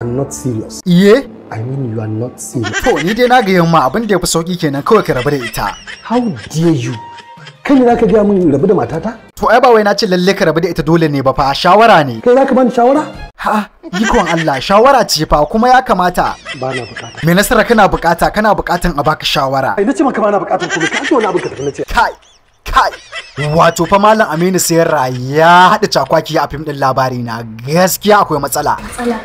are not serious. Iye? I mean you are not serious. To ni dai na ga yamma abin da ya fi sauki kenan kawai ka rabu da ita. How dare you? Kai ne zaka gaya min rabu da matata? To ai ba wai na ce lalle ka rabu da ita dole ne ba fa shawara ne. Kai zaka bani shawara? Ha, ikon Allah shawara ce fa kuma ya kamata. Ba na bukata. Me nasara kana bukata kana bukatan a baka shawara. Ai nace maka ba na bukatan kuma ka ce wani abu ka nace. Kai kai wato fa malam Aminu sayar ya haɗa cakwaki a fim ɗin labari na gaskiya akwai matsala. Matsala.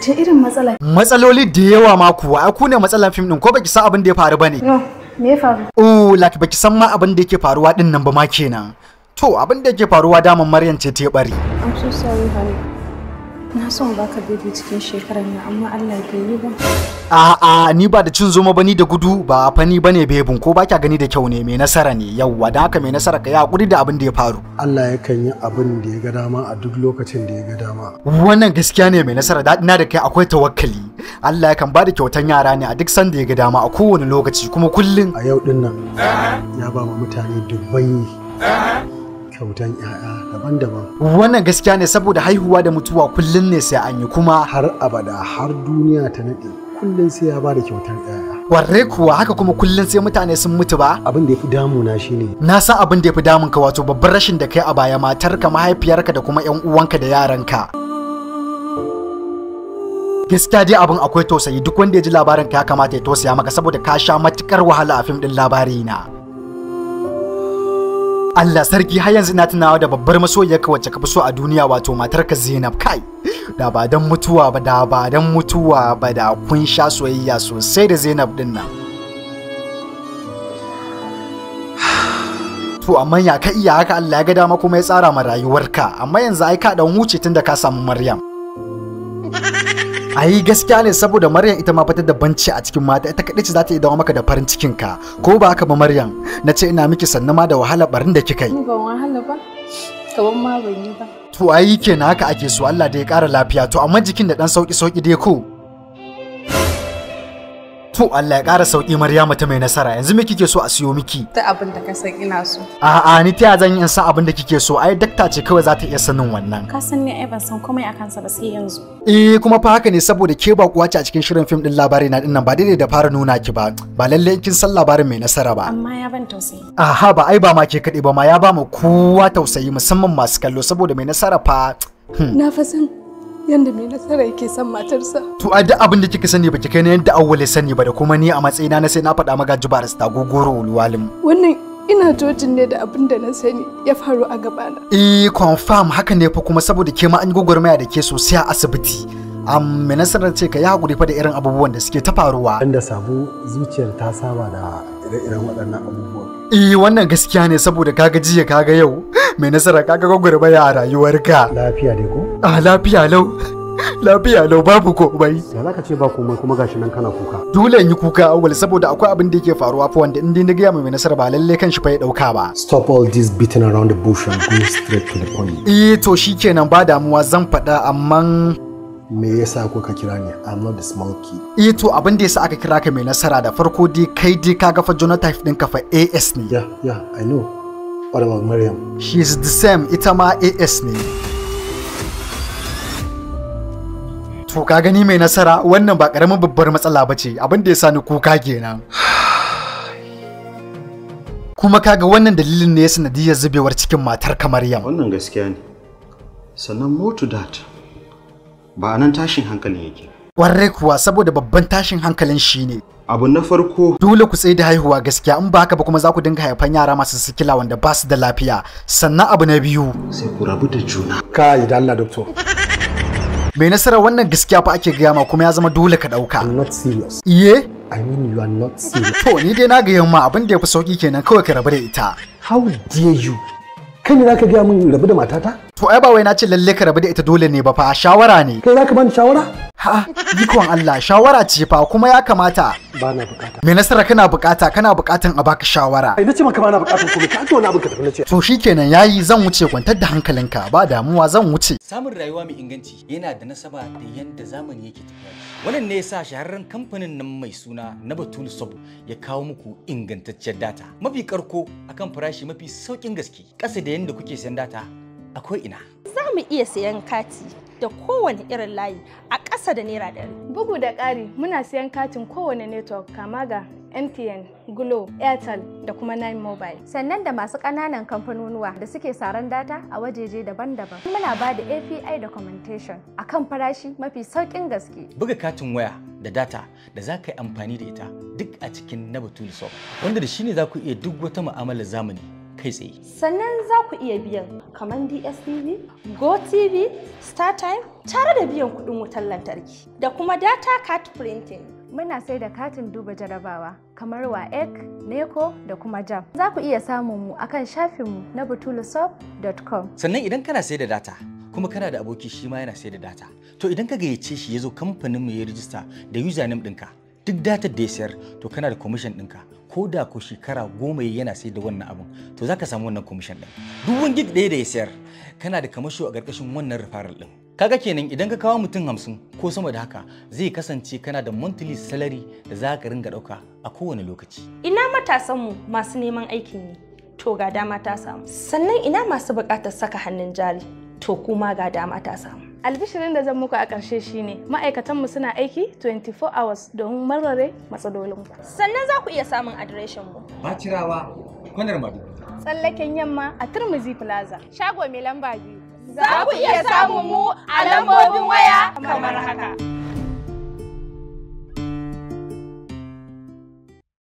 Ce irin matsala? Matsaloli da yawa ma kuwa, ku ne matsalan fim din ko baki san abin da ya faru ba No, me ya faru? Oh, baki san ma abin da yake faruwa din nan ba ma kenan. To, abin da yake faruwa daman Maryam ce ta bari. I'm so sorry honey. na so ka baby cikin shekarar nan amma Allah bai yi ba a'a ni ba da cin zoma bani da gudu ba fani bane bebin ko ba kya gani da kyau ne mai nasara ne yawwa da haka mai nasara ka ya hakuri da abin da ya faru Allah ya kan yi abin da ya ga dama a duk lokacin da ya ga dama wannan gaskiya ne mai nasara da ina da kai akwai tawakkali Allah ya kan ba da kyautan yara ne a duk sanda ya ga dama a kowane lokaci kuma kullun a yau din nan ya ba mutane dubbai kyautan 'ya'ya daban-daban. Wannan gaskiya ne saboda haihuwa da mutuwa kullum ne sai an yi kuma. Har abada har duniya ta naɗe kullum sai ya ba da kyautar 'ya'ya. Warre kuwa haka kuma kullum sai mutane sun mutu ba? Abin da ya fi damuna shi ne. Na san abin da ya fi damun ka wato babban rashin da kai a baya matarka mahaifiyarka da kuma ƴan uwanka da yaranka. gaskiya dai abin akwai tausayi duk wanda ya ji labarin ka ya kamata ya tausaya maka saboda ka sha matukar wahala a fim din labari na Allah sarki har yanzu ina tunawa da babbar masoyiyarka wacce ka fi so a duniya wato matarka Zainab kai da ba dan mutuwa ba da ba dan mutuwa ba da kun sha soyayya sosai da Zainab din nan to amma ya ka iya haka Allah ya ga dama kuma ya tsara ma rayuwarka amma yanzu ai ka dan huce tunda ka samu Maryam ai gaskiya ne saboda maryam ita ma fitar da banci a cikin mata ita kaɗai ce za ta yi dawo maka da farin cikin ka ko ba haka ba maryam na ce ina miki sannan ma da wahala barin da kika yi ban wahala ba ma ban yi ba to ayi kenan haka ake so Allah da ya kara lafiya to amma jikin da dan sauki sauki dai ko To Allah ya ƙara sauƙi Maryama ta mai nasara yanzu me kike so a siyo miki? Ta abin da ka san ina so. A'a ni ta zan yi in san abin da kike so ai dakta ce kawai za ta iya sanin wannan. Ka san ni ai ban san komai a kansa ba sai yanzu. Eh kuma fa haka ne saboda ke ba kuwa ce a cikin shirin fim din labari na dinnan ba daidai da fara nuna ki ba ba lalle kin san labarin mai nasara ba. Amma ya ban tausayi. Aha ba ai ba ma ke kaɗai ba ma ya ba mu kowa tausayi musamman masu kallo saboda mai nasara fa. Hmm. Na fa san yanda mai nasara yake son matarsa. To a duk abin da kika sani baki kai na yadda awwale sani ba da kuma ni a matsayina na sai na faɗa maka jibaris ta gogoro walwalim. Wannan ina jojin ne da abin da na sani ya faru a gabana. Eh confirm haka ne fa kuma saboda ke ma an gwagwarmaya da ke sosai a asibiti. Am nasarar ce ka yi hakuri fa da irin abubuwan da suke ta faruwa. Wanda sabu zuciyar ta saba da ire-iren waɗannan abubuwa. Eh wannan gaskiya ne saboda kaga jiya kaga yau mai nasara kaga gwagwarba ya a rayuwarka. Lafiya ne ko? A ah, lafiya lau. Lafiya lau babu komai. Ya za ka ce ba komai kuma gashi nan kana kuka. Dole in yi kuka awal saboda akwai abin da yake faruwa fa wanda in dai na gaya mai nasara ba lalle kan shi fa ya dauka ba. Stop all this beating around the bush and go straight to the point. Eh to shikenan ba damuwa zan faɗa amma me yasa kuka kira ni I'm not the small key eh to abin da yasa aka kira ka mai nasara da farko dai kai dai ka ga fa genotype ka fa AS ne yeah yeah I know what about Maryam she is the same ita ma AS ne to ka gani mai nasara wannan ba karamin babbar matsala ba ce abin da yasa ni kuka kenan kuma kaga wannan dalilin ne ya sanadiyar zubewar cikin matar kamar yam wannan gaskiya ne sannan more to that ba nan tashin hankalin yake warre kuwa saboda babban tashin hankalin shi ne abu na farko dole ku tsaye da haihuwa gaskiya in ba haka ba kuma za ku dinga haifan yara masu sikila wanda ba su da lafiya sannan abu na biyu sai ku rabu da juna kai da Allah doctor mai nasara wannan gaskiya fa ake gaya ma kuma ya zama dole ka dauka I'm not serious iye I mean you are not serious to ni dai na ga yamma abin da ya fi sauki kenan kawai ka rabu da ita how dare you kai ne zaka gaya min rabu da matata to ai ba wai na ce lalle ka rabu da ita dole ne ba fa shawara ne kai zaka bani shawara Ha, ikon Allah shawara ce fa kuma ya kamata. Ba na bukata. Me nasara kana bukata kana bukatan a baka shawara. Ai nace maka ba na bukatan kuma ka tona abin ka tafi nace. To shikenan yayi zan wuce kwantar da hankalinka ba damuwa zan wuce. Samun rayuwa mai inganci yana da nasaba da yadda zamani yake tafiya. Wannan ne yasa shahararren kamfanin nan mai suna na Batul Sub ya kawo muku ingantaccen data. Mafi karko akan farashi mafi saukin gaske. Kasa da yanda kuke sayan data akwai ina. Za mu iya sayan kati da kowane irin layi a ƙasa da naira ɗari. Bugu da ƙari muna siyan katin kowane network kama ga MTN, Glo, Airtel da kuma Nine Mobile. Sannan da masu ƙananan kamfanonuwa da suke saran data a wajeje daban-daban. Muna ba da API documentation a kan farashi mafi sauƙin gaske. Buga katin waya da data da za ka yi amfani da ita duk a cikin na Batulu wanda da shi ne za ku iya duk wata mu'amalar zamani kai tsaye. Sannan za ku iya biyan kamar DSTV, GoTV, StarTime tare da biyan kuɗin wutar lantarki da kuma data card printing. Muna sai da katin duba jarabawa kamar WAEC, NECO da kuma JAM. Za ku iya samun mu akan shafinmu na butulusop.com. Sannan idan kana sai da data, kuma kana da aboki shi ma yana sai da data. To idan ka gayyace shi ya zo kamfaninmu ya rijista da username ɗinka, duk datar da ya sayar to kana da commission ɗinka ko da ko shekara goma yana sai da wannan abun to zaka samu wannan commission ɗin duk wani gig da ya sayar kana da kamasho a ƙarƙashin wannan referral ɗin kaga kenan idan ka kawo mutum hamsin ko sama da haka zai kasance kana da monthly salary da za ka ringa ɗauka a kowane lokaci ina matasanmu masu neman aikin yi to ga dama ta samu sannan ina masu buƙatar saka hannun jari to kuma ga dama ta samu albishirin da zan muku a ƙarshe shine ma'aikatanmu suna aiki 24 hours don marare matsalolinku sannan za ku iya samun adireshin mu. Ba cirawa, kwanar madu tsallaken yamma a turmuzi plaza shago mai lamba biyu za ku iya samun mu a lambobin waya kamar haka